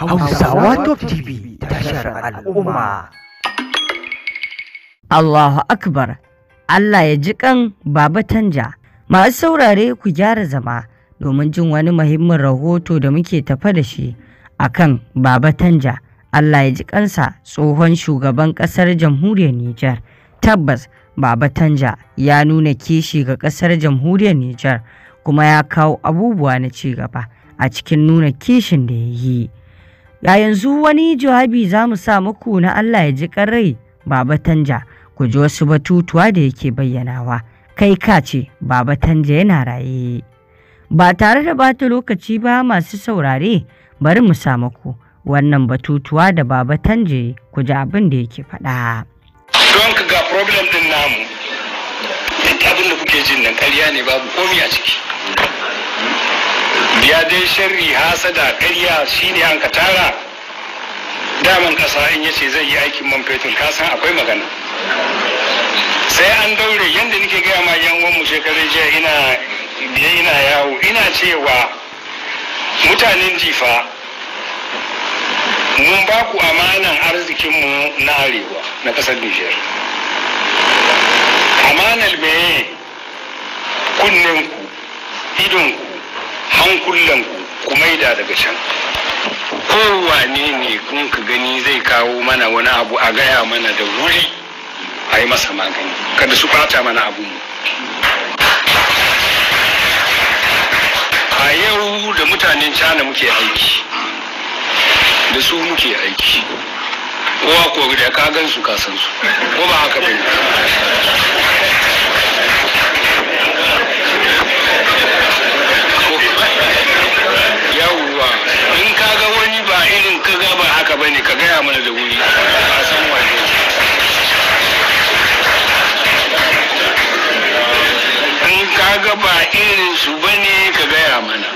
Hausawa Top tashar al'umma. Allahu Akbar, Allah ya ji kan Baba Tanja. Masu saurare ku gyara zama domin jin wani muhimmin rahoto da muke tafa da shi akan Baba Tanja. Allah ya ji kansa tsohon shugaban kasar jamhuriyar Nijar. Tabbas Baba Tanja ya nuna kishi ga kasar jamhuriyar Nijar kuma ya kawo abubuwa na ci gaba a cikin nuna kishin da ya yi. Ya yanzu wani jawabi za mu sa muku na Allah ya ji ƙarai Baba Tanja, ku ji wasu batutuwa da yake bayyanawa, kai ka ce Baba Tanja yana raye. Ba tare da bata lokaci ba masu saurare bari mu sa muku wannan batutuwa da Baba Tanja ku ji abin da yake faɗa. Don ka ga problem ɗin namu, duk abin da kuke jin nan ƙarya ne babu komi a ciki. biya dai sharri hasada karya shine an ka tara daman ƙasa in yace zai yi aikin man fetur ka san akwai magana sai an daure yadda nake gaya ma yan uwanmu shekarun jiya ina biye ina yawo ina cewa mutanen jifa mun ba ku amanan arzikinmu na arewa na ƙasar nijar amanar ku kunninku idonku hankulan ku maida daga can kowane ne kun ka gani zai kawo mana wani abu a gaya mana da wuri a yi masa magani kada su ɓata mana abu mu a yau da mutanen cana muke aiki da su muke aiki kowa ko da ka gan su ka ko ba haka bane ba ne ka gaya mana da wuri a san wane in ka ga ba irin su ba ne ka gaya mana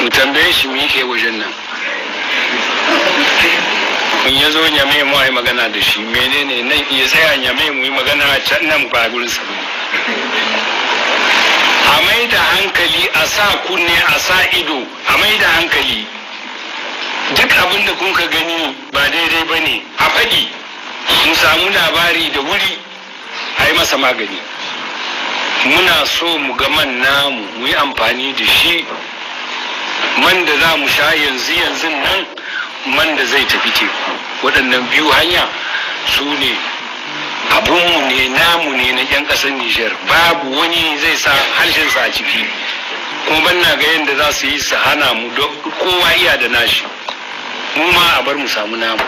mu tambaye shi mu yake wajen nan kun ya zo nyame mu yi magana da shi menene nan ya tsaya nyame mu yi magana can nan ba gurin a mai da hankali a sa kunne a sa ido a mai da hankali duk abin da kun ka gani ba daidai ba ne a faɗi mu samu labari da wuri a yi masa magani muna so mu ga man namu mu yi amfani da shi man da za mu sha yanzu yanzu nan man da zai tafi teku waɗannan biyu hanya su ne abunmu ne namu ne na 'yan ƙasar nijar babu wani zai sa harshensa a ciki kuma ban na ga yadda za su yi su hana mu kowa iya da nashi mu ma a bar mu samu namu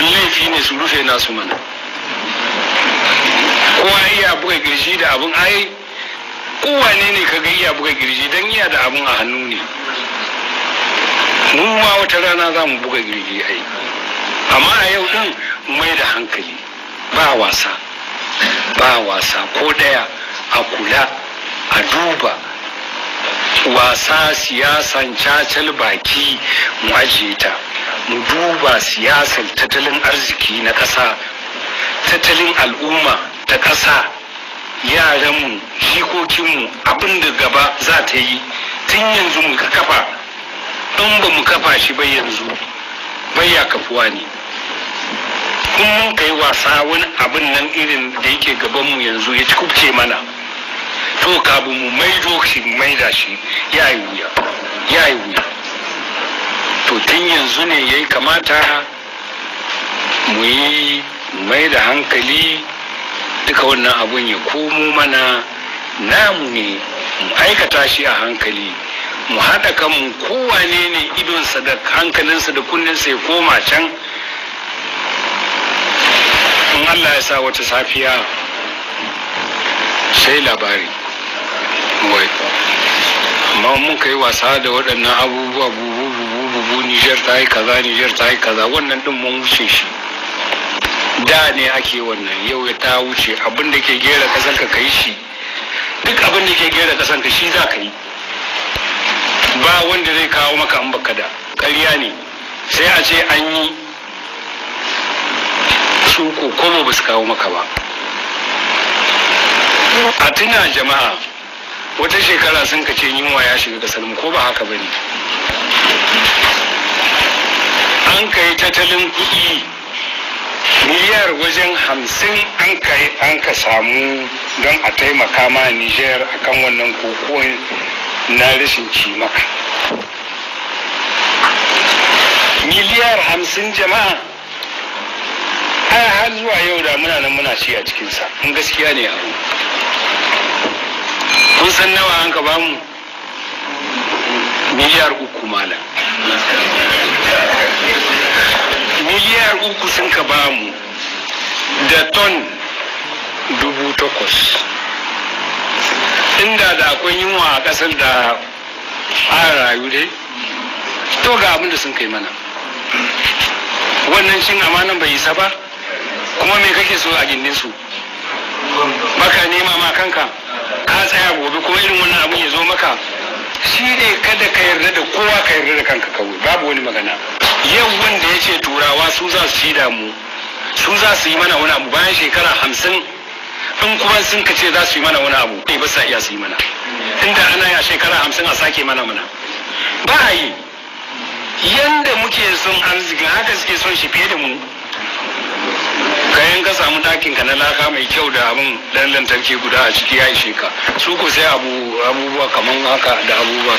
laifi ne su rufe nasu mana kowa iya buga girji da abin ai kowane ne ka ga iya buga girji don iya da abin a hannu ne mu ma wata rana za mu buga girji ai amma a yau din mai da hankali ba wasa ba wasa ko daya a kula a duba wasa siyasan cacal baki mu ajiye ta mu duba siyasan tattalin arziki na ƙasa tattalin al'umma ta ƙasa yaranmu jikokinmu abin da gaba za ta yi tun yanzu mu kafa in ba mu kafa shi ba yanzu ya kafuwa ne kun mun kai wasa wani abin nan irin da yake gabanmu yanzu ya ci kubce mana to kabu mu maido shi maida shi ya yi wuya ya yi wuya to tun yanzu ne ya kamata mu yi mai da hankali duka wannan abun ya komo mana namu ne mu aikata shi a hankali mu haɗa kanmu kowane ne idonsa da hankalinsa da kunninsa ya koma can in allah ya sa wata safiya sai labari kuwai amma mun kai wasa da waɗannan abubuwa bubu bubu bubu nijar ta yi kaza nijar ta yi kaza wannan din mun wuce shi da ne ake wannan yau ya ta wuce abin da ke gera kasan ka kai shi duk abin da ke gera kasan ka shi za ka yi ba wanda zai kawo maka an baka da ƙarya ne sai a ce an yi su ko ba su kawo maka ba a tuna jama'a wata shekara sun ka ce yunwa ya shiga da ko ba haka bane an kai tattalin kuɗi miliyar wajen hamsin an kai an ka samu don a taimaka ma Nijar kan wannan kokon na rashin cimaka miliyar hamsin jama'a har zuwa yau da muna nan muna ci a cikinsa in gaskiya ne a kun san nawa an ka bamu miliyar uku malam miliyar uku sun ka bamu da ton dubu takwas inda da akwai yunwa a kasar da a rayu dai to ga abin sun kai mana wannan shin amanan bai isa ba kuma me kake so a gindin su baka nema ma kanka ka tsaya gobe kuma irin wannan abun ya zo maka shi ne kada ka yarda da kowa ka yarda da kanka kawai babu wani magana yau wanda ya ce turawa su za su shida mu su za su yi mana wani abu bayan shekara hamsin in kuma sun ka ce za su yi mana wani abu ne ba sa iya su yi mana inda ana ya shekara hamsin a sake mana mana ba a yi yanda muke son arziki haka suke son shi fiye da mu kayan ka samu ɗakin ka na laka mai kyau da abin dan lantarki guda a ciki ya ishe ka su ku sai abubuwa kamar haka da abubuwa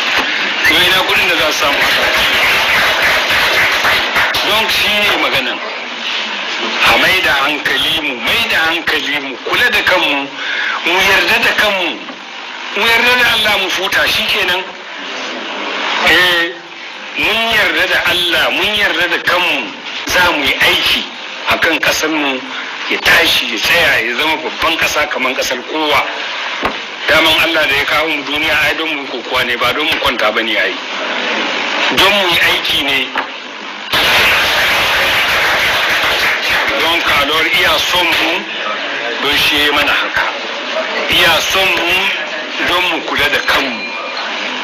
to ina kudin da za su samu haka don shi ne maganan a mai da hankali mu mai da hankali mu kula da kanmu mu yarda da kanmu mu yarda da Allah mu futa shi ke eh mun yarda da Allah mun yarda da kanmu za mu yi aiki a kan mu ya tashi ya tsaya ya zama babban ƙasa kamar kasar kowa daman allah da ya kawo mu duniya ai don mu kokowa ne ba don mu kwanta ba ne ai don mu aiki ne don kalor iya son mu don shi ya mana haka iya son mu don mu kula da kanmu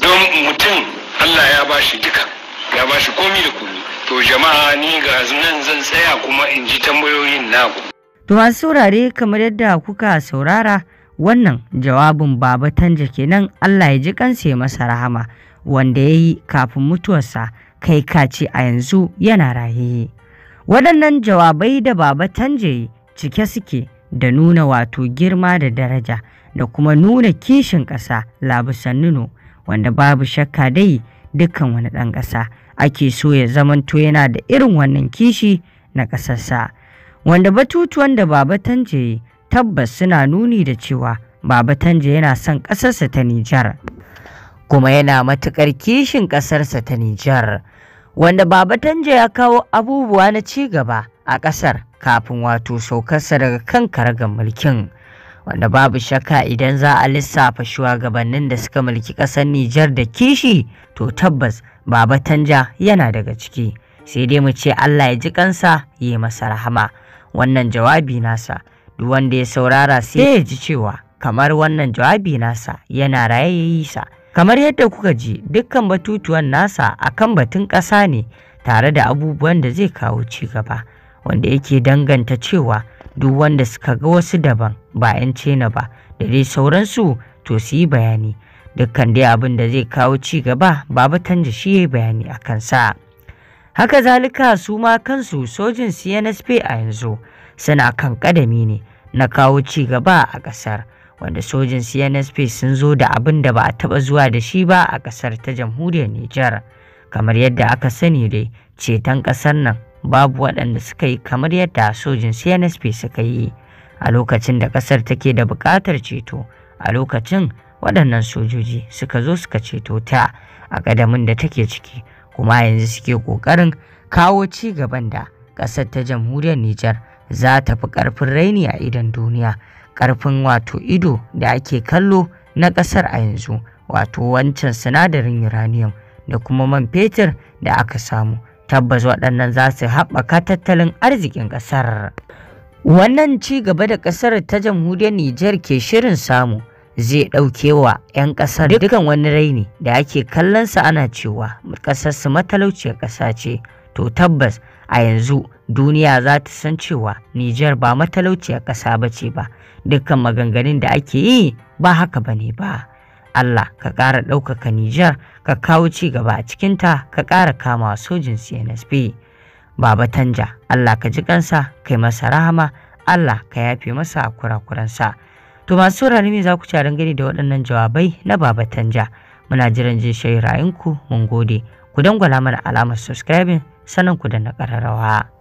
don mutum allah ya bashi shi duka ya ba shi komi da komi to jama'a ni ga nan zan tsaya kuma in ji tambayoyin naku to masu saurare kamar yadda kuka saurara wannan jawabin baba tanja kenan Allah ya ji kansa ya masa rahama wanda ya yi kafin mutuwarsa kai kace a yanzu yana raye waɗannan jawabai da baba tanje cike suke da nuna wato girma da daraja da kuma nuna kishin ƙasa labisan nuno wanda babu shakka dai dukkan wani ɗan ƙasa ake so ya zamanto yana da irin wannan kishi na ƙasarsa wanda batutuwan da baba tanje tabbas suna nuni da cewa baba tanje yana son ƙasarsa ta nijar kuma yana matuƙar kishin ƙasarsa ta nijar wanda baba tanje ya kawo abubuwa na ci gaba a ƙasar kafin wato saukarsa daga kan karagar mulkin wanda babu shakka idan za a lissafa shugabannin da suka mulki ƙasar Nijar da kishi to tabbas Baba Tanja yana daga ciki sai dai mu ce Allah ya ji kansa ya masa rahama wannan jawabi nasa duk wanda ya saurara sai ya ji cewa kamar wannan jawabi nasa yana raye sa kamar yadda kuka ji dukkan batutuwan nasa akan batun ƙasa ne tare da abubuwan da zai kawo ci gaba wanda yake danganta cewa duk wanda suka ga wasu daban ba 'yan na ba da dai sauransu to su yi bayani dukkan dai abin da zai kawo ci gaba batan tanja shi ya yi bayani a kansa haka zalika su ma kansu sojin cnsp a yanzu suna kan kadami ne na kawo ci gaba a kasar wanda sojin cnsp sun zo da abin da ba a taba zuwa da shi ba a kasar ta jamhuriyar nijar kamar yadda aka sani dai ceton ƙasar nan babu waɗanda suka yi kamar yadda sojin CNSP suka yi a lokacin da ƙasar take da buƙatar ceto a lokacin waɗannan sojoji suka zo suka ceto ta a ƙadamin da take ciki kuma yanzu suke ƙoƙarin kawo ci gaban da ƙasar ta jamhuriyar Nijar za ta fi ƙarfin raini a idan duniya ƙarfin wato ido da ake kallo na ƙasar a yanzu wato wancan sinadarin uranium da kuma man fetur da aka samu tabbas waɗannan za su haɓaka tattalin arzikin ƙasar. Wannan ci gaba da ƙasar ta jamhuriyar Nijar ke shirin samu zai ɗauke wa 'yan ƙasar dukan wani raini da ake kallon kallonsa ana cewa ƙasar su matalauciyar ƙasa ce. To tabbas a yanzu duniya za ta san cewa Nijar ba matalauciyar ƙasa ba ce ba, dukkan maganganun da ake yi ba haka ba ne ba. Allah ka ƙara ɗaukaka Nijar ka kawo ci gaba a cikinta ka ƙara kama sojin CNSP. Baba Tanja Allah ka ji kansa kai masa rahama Allah ka yafe masa kurakuransa. To masu saurari ne za ku ci gani da waɗannan jawabai na Baba Tanja. Muna jiran jin shayi ra'ayinku mun gode. Ku dangwala mana alamar subscribing sannan ku da na ƙararrawa.